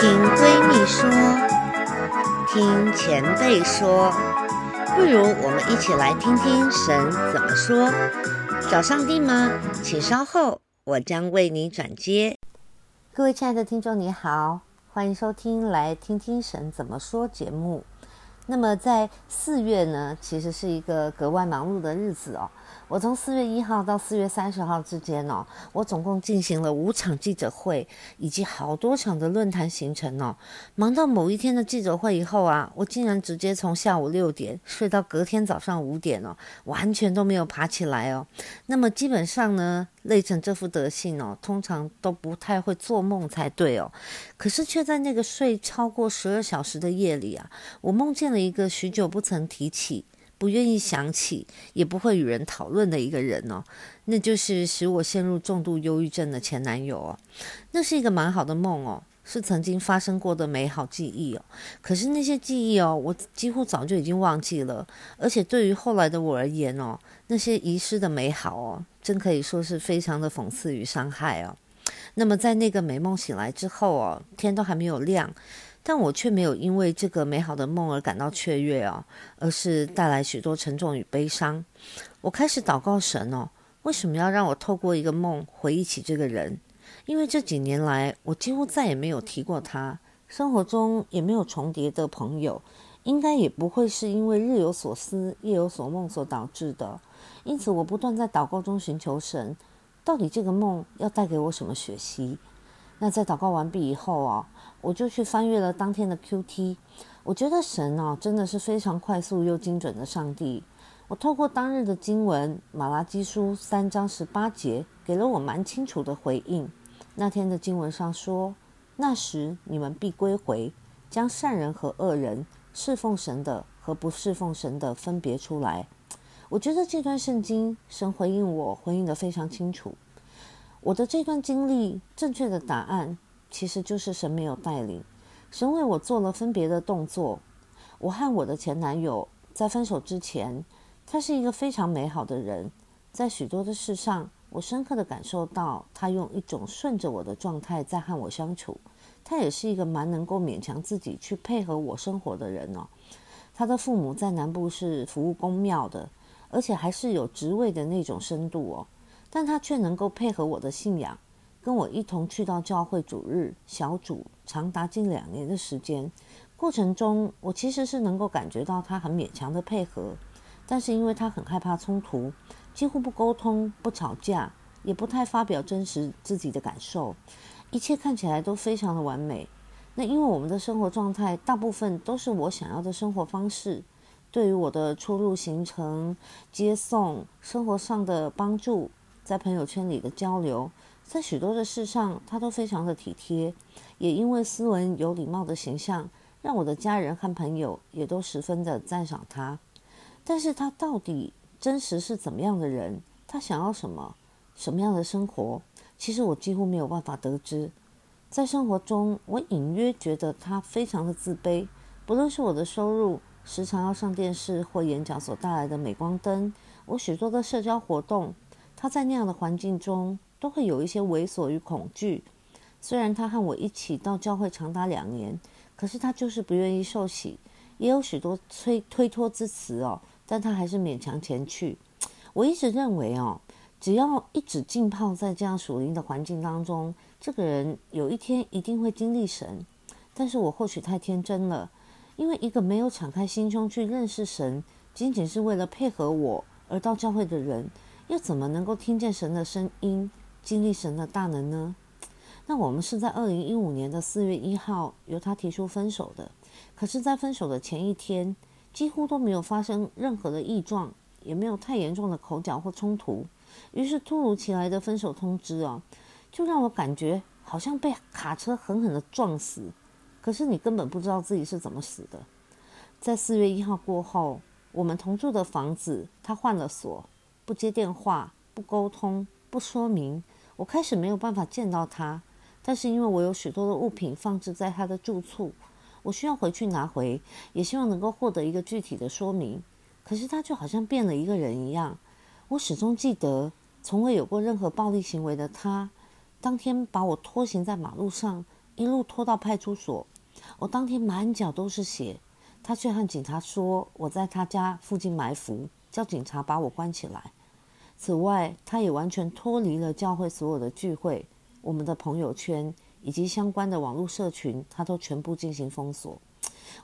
聽閨蜜說，聽前輩說，不如我們一起來聽聽神怎麼說。找上帝嗎？請稍後，我將為你轉接。各位親愛的聽眾，你好，歡迎收聽《來聽聽神怎麼說》節目。那麼在四月呢，其實是一個格外忙碌的日子哦。我從四月一號到四月三十號之間哦，我總共進行了五場記者會，以及好多場的論壇行程哦。忙到某一天的記者會以後啊，我竟然直接從下午六點睡到隔天早上五點哦，完全都沒有爬起來哦。那麼基本上呢，累成這副德性哦，通常都不太會做夢才對哦。可是卻在那個睡超過十二小時的夜裡啊，我夢見。一個許久不曾提起、不願意想起、也不會與人討論的一個人哦，那就是使我陷入重度憂鬱症的前男友哦。那是一個蠻好的夢哦，是曾經發生過的美好記憶哦。可是那些記憶哦，我幾乎早就已經忘記了。而且對於後來的我而言哦，那些遺失的美好哦，真可以說是非常的諷刺與傷害哦。那麼在那個美夢醒來之後哦，天都還沒有亮。但我卻沒有因為這個美好的夢而感到雀躍哦，而是帶來許多沉重與悲傷。我開始禱告神哦，為什麼要讓我透過一個夢回憶起這個人？因為這幾年來，我幾乎再也沒有提過他，生活中也沒有重疊的朋友，應該也不會是因為日有所思、夜有所夢所導致的。因此，我不斷在禱告中尋求神，到底這個夢要帶給我什麼學習？那在禱告完畢以後哦。我就去翻閱了當天的 QT，我覺得神哦、啊、真的是非常快速又精準的上帝。我透過當日的經文《瑪拉基書》三章十八節，給了我蠻清楚的回應。那天的經文上說：“那時你們必歸回，將善人和惡人、侍奉神的和不侍奉神的分別出來。”我覺得這段聖經神回應我回應的非常清楚。我的這段經歷正確的答案。其實就是神沒有帶領，神為我做了分別的動作。我和我的前男友在分手之前，他是一個非常美好的人，在許多的事上，我深刻的感受到他用一種順着我的狀態在和我相處。他也是一個蠻能夠勉強自己去配合我生活的人哦。他的父母在南部是服務公廟的，而且還是有職位的那種深度哦，但他卻能夠配合我的信仰。跟我一同去到教會主日小組，長達近兩年的時間。過程中，我其實是能夠感覺到他很勉強的配合，但是因為他很害怕衝突，幾乎不溝通、不吵架，也不太發表真實自己的感受，一切看起來都非常的完美。那因為我們的生活狀態大部分都是我想要的生活方式，對於我的出入行程、接送、生活上的幫助，在朋友圈裡的交流。在許多的事上，他都非常的體貼，也因為斯文有禮貌的形象，讓我的家人和朋友也都十分的讚賞他。但是他到底真實是怎麼樣的人？他想要什麼？什麼樣的生活？其實我幾乎沒有辦法得知。在生活中，我隱約覺得他非常的自卑。不論是我的收入、時常要上電視或演講所帶來的鎂光燈、我許多的社交活動，他在那樣的環境中，都會有一些猥瑣與恐懼。雖然他和我一起到教會長達兩年，可是他就是不願意受洗，也有許多推推脫之詞哦。但他還是勉強前去。我一直認為哦，只要一直浸泡在這樣屬靈的環境當中，這個人有一天一定會經歷神。但是我或許太天真了，因為一個沒有敞開心胸去認識神，僅僅是為了配合我而到教會的人，又怎麼能夠聽見神的聲音？經歷神的大能呢？那我們是在二零一五年的四月一號由他提出分手的。可是，在分手的前一天，幾乎都沒有發生任何的異狀，也沒有太嚴重的口角或衝突。於是，突如其來的分手通知哦，就讓我感覺好像被卡車狠狠地撞死。可是，你根本不知道自己是怎麼死的。在四月一號過後，我們同住的房子他換了鎖，不接電話，不溝通，不說明。我開始沒有辦法見到他，但是因為我有許多的物品放置在他的住處，我需要回去拿回，也希望能夠獲得一個具體的說明。可是他就好像變了一個人一樣，我始終記得，從未有過任何暴力行為的他，當天把我拖行在馬路上，一路拖到派出所，我當天滿腳都是血，他卻和警察說我在他家附近埋伏，叫警察把我關起來。此外，他也完全脫離了教會所有的聚會，我們的朋友圈以及相關的網絡社群，他都全部進行封鎖。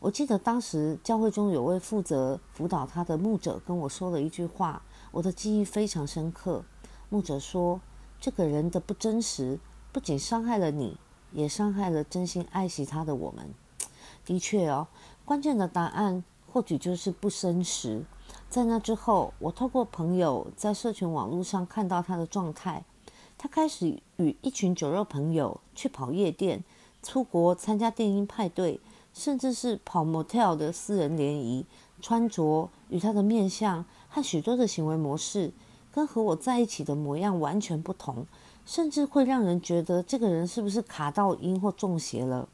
我記得當時教會中有位負責輔導他的牧者跟我說了一句話，我的記憶非常深刻。牧者說：“這個人的不真實，不僅傷害了你，也傷害了真心愛惜他的我們。”的確哦，關鍵的答案或許就是不真實。在那之後，我透過朋友在社群網絡上看到他的狀態，他開始與一群酒肉朋友去跑夜店、出國參加電音派對，甚至是跑 motel 的私人聯誼。穿着與他的面相和許多的行為模式，跟和我在一起的模樣完全不同，甚至會讓人覺得這個人是不是卡到陰或中邪了？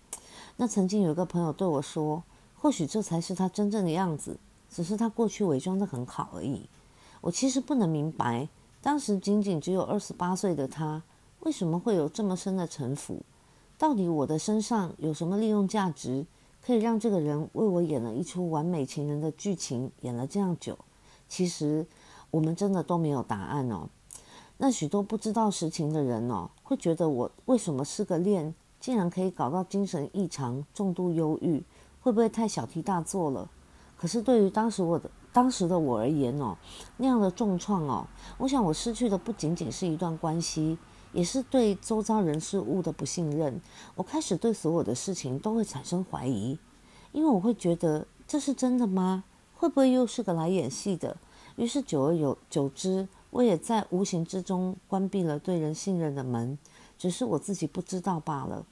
那曾經有一個朋友對我說：“或許這才是他真正的樣子。”只是他過去偽裝的很好而已。我其實不能明白，當時僅僅只有二十八歲的他，為什麼會有這麼深的城府？到底我的身上有什麼利用價值，可以讓這個人為我演了一出完美情人的劇情，演了這樣久？其實我們真的都沒有答案哦。那許多不知道實情的人哦，會覺得我為什麼失個戀，竟然可以搞到精神異常、重度憂鬱？會不會太小題大做了？可是對於當時我的當時的我而言哦，那樣的重創哦，我想我失去的不僅僅是一段關係，也是對周遭人事物的不信任。我開始對所有的事情都會產生懷疑，因為我會覺得這是真的嗎？會不會又是個來演戲的？於是久而有久之，我也在無形之中關閉了對人信任的門，只是我自己不知道罷了。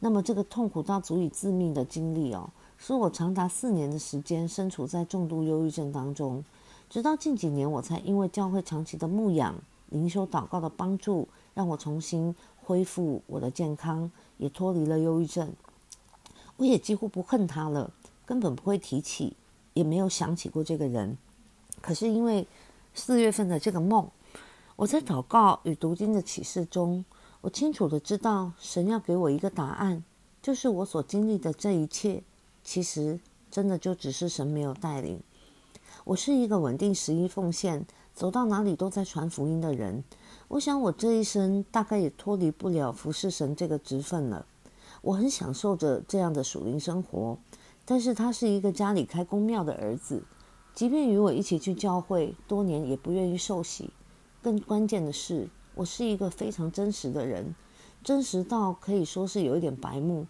那麼這個痛苦到足以致命的經歷哦。是我長達四年的時間，身處在重度憂鬱症當中，直到近幾年我才因為教會長期的牧養、靈修禱告的幫助，讓我重新恢復我的健康，也脫離了憂鬱症。我也幾乎不恨他了，根本不會提起，也沒有想起過這個人。可是因為四月份的這個夢，我在禱告與讀經的啟示中，我清楚的知道神要給我一個答案，就是我所經歷的這一切。其實，真的就只是神沒有帶領。我是一個穩定、十一奉獻、走到哪裡都在傳福音的人。我想我這一生大概也脫離不了服侍神這個職分了。我很享受着這樣的屬靈生活，但是他是一個家裡開宮廟的兒子，即便與我一起去教會多年，也不願意受洗。更關鍵的是，我是一個非常真實的人，真實到可以說是有一點白目。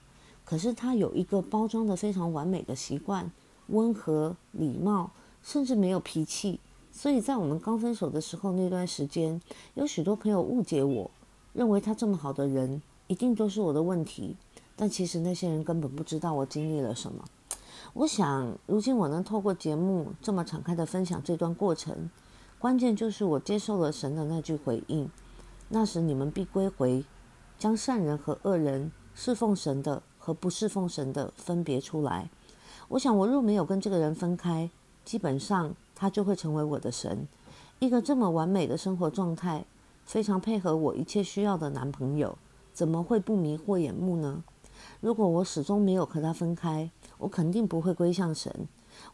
可是他有一個包裝的非常完美的習慣，溫和禮貌，甚至沒有脾氣。所以在我們剛分手的時候那段時間，有許多朋友誤解我，認為他這麼好的人一定都是我的問題。但其實那些人根本不知道我經歷了什麼。我想，如今我能透過節目這麼敞開的分享這段過程，關鍵就是我接受了神的那句回應：“那時你們必歸回，將善人和惡人事奉神的。”和不侍奉神的分別出來。我想，我若沒有跟這個人分開，基本上他就會成為我的神。一個這麼完美的生活狀態，非常配合我一切需要的男朋友，怎麼會不迷惑眼目呢？如果我始終沒有和他分開，我肯定不會歸向神。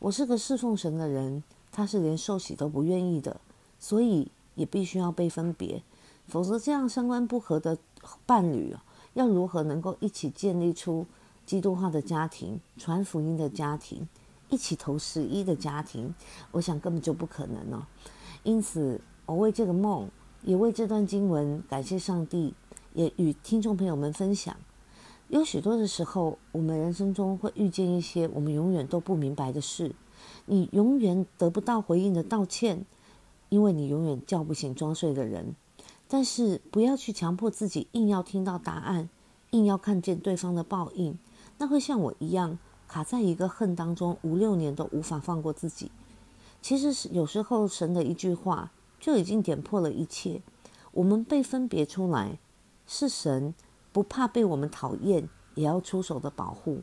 我是個侍奉神的人，他是連受洗都不願意的，所以也必須要被分別，否則這樣三觀不合的伴侶要如何能夠一起建立出基督化的家庭、傳福音的家庭、一起投十一的家庭？我想根本就不可能哦。因此，我為這個夢，也為這段經文，感謝上帝，也與聽眾朋友們分享。有許多的時候，我們人生中會遇見一些我們永遠都不明白的事，你永遠得不到回應的道歉，因為你永遠叫不醒裝睡的人。但是不要去強迫自己，硬要聽到答案，硬要看見對方的報應，那會像我一樣卡在一個恨當中五六年都無法放過自己。其實是有時候神的一句話就已經點破了一切。我們被分別出來，是神不怕被我們討厭也要出手的保護。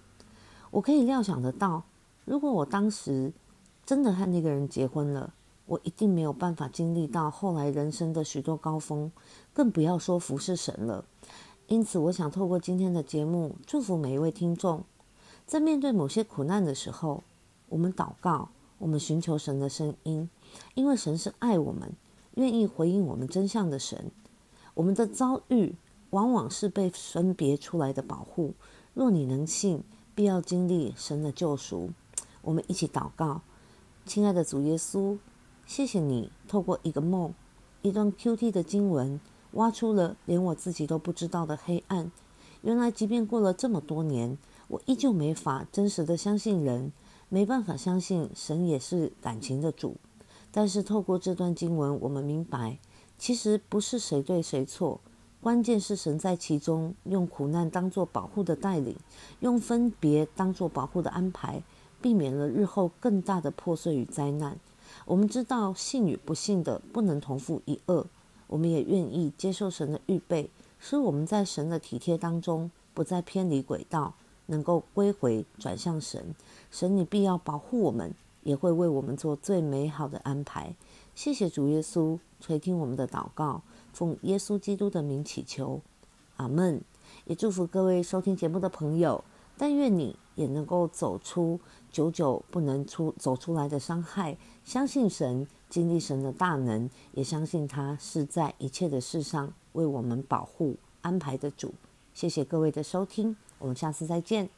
我可以料想得到，如果我當時真的和那個人結婚了。我一定沒有辦法經歷到後來人生的許多高峰，更不要說服侍神了。因此，我想透過今天的節目，祝福每一位聽眾，在面對某些苦難的時候，我們禱告，我們尋求神的聲音，因為神是愛我們、願意回應我們真相的神。我們的遭遇往往是被分別出來的保護。若你能信，必要經歷神的救贖。我們一起禱告，親愛的主耶穌。謝謝你透過一個夢，一段 QT 的經文，挖出了連我自己都不知道的黑暗。原來，即便過了這麼多年，我依舊沒法真實的相信人，沒辦法相信神也是感情的主。但是，透過這段經文，我們明白，其實不是誰對誰錯，關鍵是神在其中用苦難當做保護的帶領，用分別當做保護的安排，避免了日後更大的破碎與災難。我們知道信與不信的不能同負一軛。我們也願意接受神的預備，使我們在神的體貼當中不再偏離軌道，能夠歸回轉向神。神，你必要保護我們，也會為我們做最美好的安排。謝謝主耶穌垂聽我們的禱告，奉耶穌基督的名祈求，阿門。也祝福各位收聽節目的朋友，但願你。也能夠走出久久不能出走出來的傷害，相信神，經歷神的大能，也相信他是在一切的事上為我們保護安排的主。謝謝各位的收聽，我們下次再見。